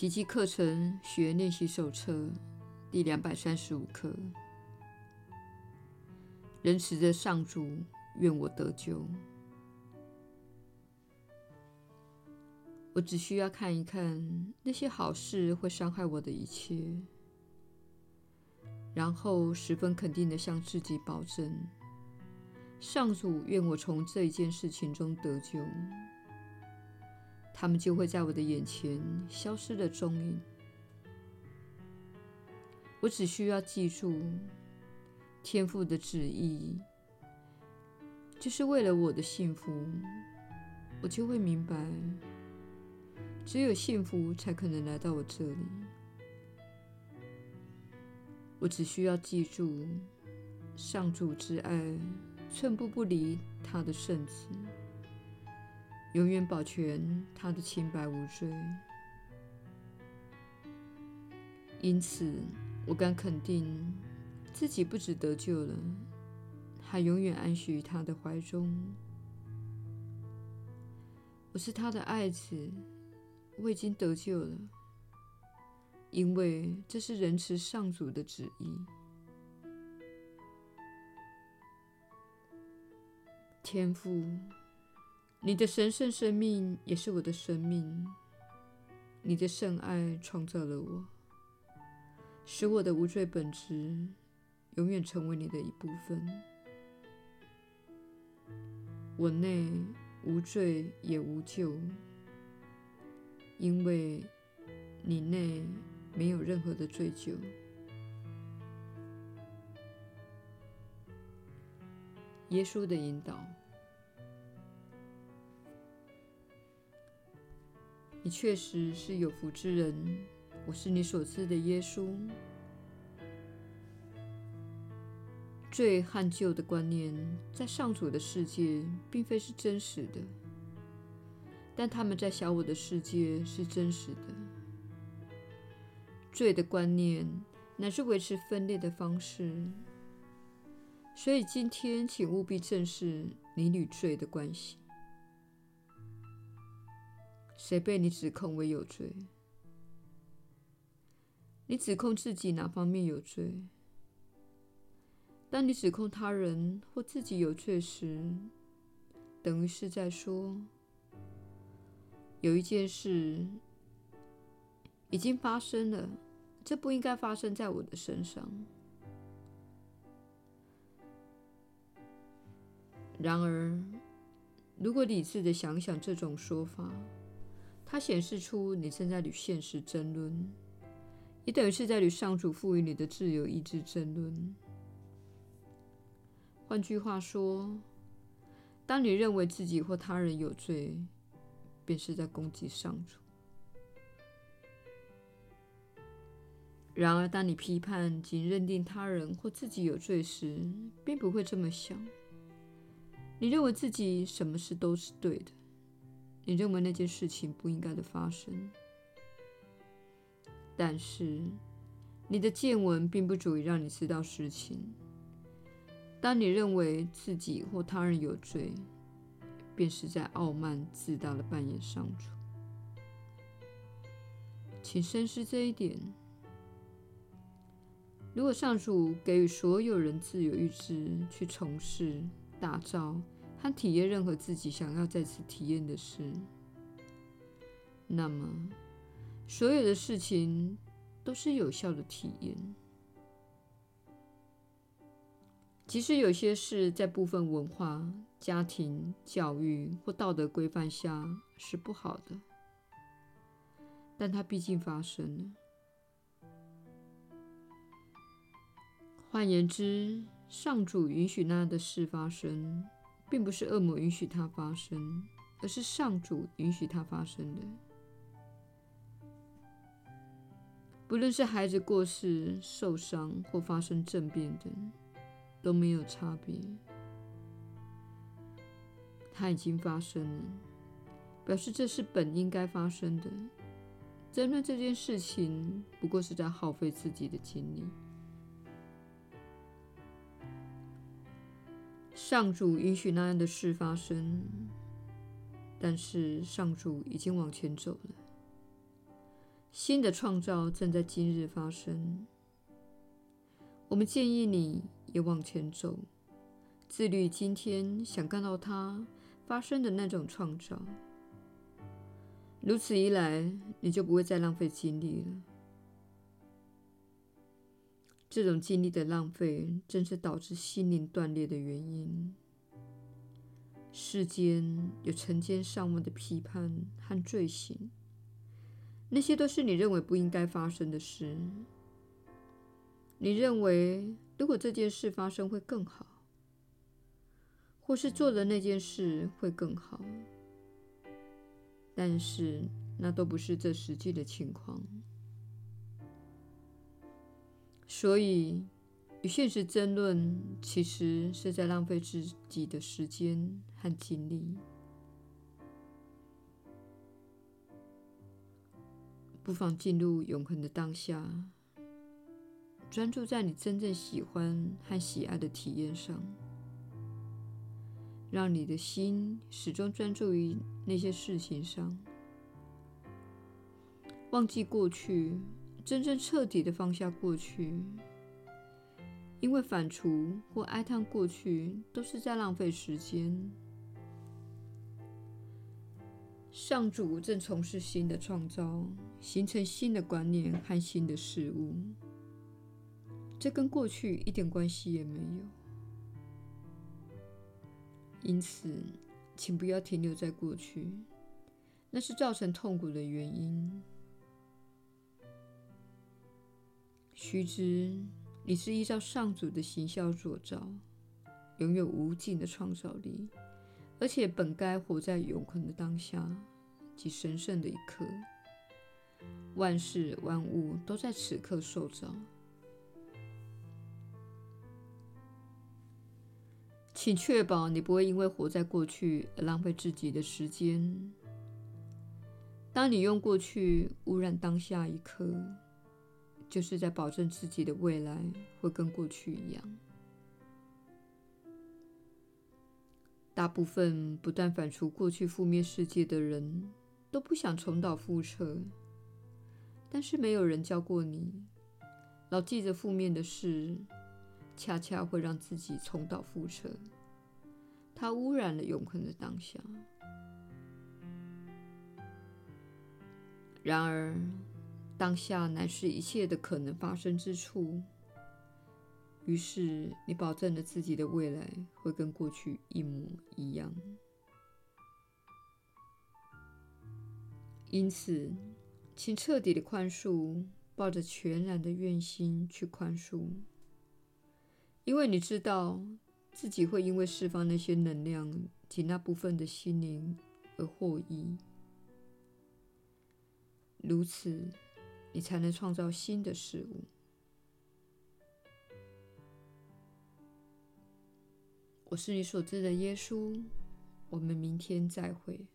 奇蹟課程學練習手冊第兩百三十五課：仁慈的上主，願我得救。我只需要看一看那些好事會傷害我的一切，然後十分肯定地向自己保證：上主，願我從這一件事情中得救。他們就會在我的眼前消失了蹤影。我只需要記住天父的旨意，就是為了我的幸福，我就會明白，只有幸福才可能來到我這裡。我只需要記住上主之愛，寸步不離他的聖子。永遠保全他的清白無罪，因此我敢肯定，自己不只得救了，還永遠安息於他的懷中。我是他的愛子，我已經得救了，因為這是仁慈上主的旨意。天父。你的神聖生命也是我的生命，你的聖愛創造了我，使我的無罪本質永遠成為你的一部分。我內無罪也無咎，因為你內沒有任何的罪疚。耶穌的引導。你確實是有福之人，我是你所知的耶穌。罪和咎的觀念在上主的世界並非是真實的，但他們在小我的世界是真實的。罪的觀念乃是維持分裂的方式，所以今天請務必正視你與罪的關係。誰被你指控為有罪？你指控自己哪方面有罪？當你指控他人或自己有罪時，等於是在說，有一件事已經發生了，這不應該發生在我的身上。然而，如果理智地想想這種說法，它顯示出你正在與現實爭論，也等於是在與上主賦予你的自由意志爭論。換句話說，當你認為自己或他人有罪，便是在攻擊上主。然而，當你批判及認定他人或自己有罪時，並不會這麼想。你認為自己什麼事都是對的。你認為那件事情不應該的發生，但是你的見聞並不足以讓你知道實情。當你認為自己或他人有罪，便是在傲慢自大的扮演上主。請深思這一點。如果上主給予所有人自由意志去從事、打造，和體驗任何自己想要在此體驗的事，那麼所有的事情都是有效的體驗。即使有些事在部分文化、家庭、教育或道德規範下是不好的，但它畢竟發生了。換言之，上主允許那樣的事發生。並不是惡魔允許它發生，而是上主允許它發生的。不論是孩子過世、受傷或發生政變等，都沒有差別。它已經發生了，表示這是本應該發生的。爭論這件事情，不過是在耗費自己的精力。上主允許那樣的事發生，但是上主已經往前走了。新的創造正在今日發生。我們建議你也往前走，自律今天想看到它發生的那種創造。如此一來，你就不會再浪費精力了。這種精力的浪費，正是導致心靈斷裂的原因。世間有成千上萬的批判和罪行，那些都是你認為不應該發生的事。你認為，如果這件事發生會更好，或是做的那件事會更好，但是那都不是這實際的情況。所以，與現實爭論，其實是在浪費自己的時間和精力。不妨進入永恆的當下，專注在你真正喜歡和喜愛的體驗上，讓你的心始終專注於那些事情上。忘記過去。真正徹底地放下過去，因為反芻或哀嘆過去都是在浪費時間。上主正從事新的創造，形成新的觀念和新的事物，這跟過去一點關係也沒有。因此，請不要停留在過去，那是造成痛苦的原因。須知，你是依照上主的形象所造，擁有無盡的創造力，而且本該活在永恆的當下及神聖的一刻。萬事萬物都在此刻受造，請確保你不會因為活在過去而浪費自己的時間。當你用過去污染當下一刻。就是在保證自己的未來會跟過去一樣。大部分不斷反芻過去負面世界的人，都不想重蹈覆轍。但是沒有人教過你，老記着負面的事，恰恰會讓自己重蹈覆轍。它污染了永恆的當下。然而。當下乃是一切的可能發生之處，於是你保證了自己的未來會跟過去一模一樣。因此，請徹底的寬恕，抱着全然的願心去寬恕，因為你知道自己會因為釋放那些能量及那部分的心靈而獲益。如此。你才能創造新的事物。我是你所知的耶穌，我們明天再會。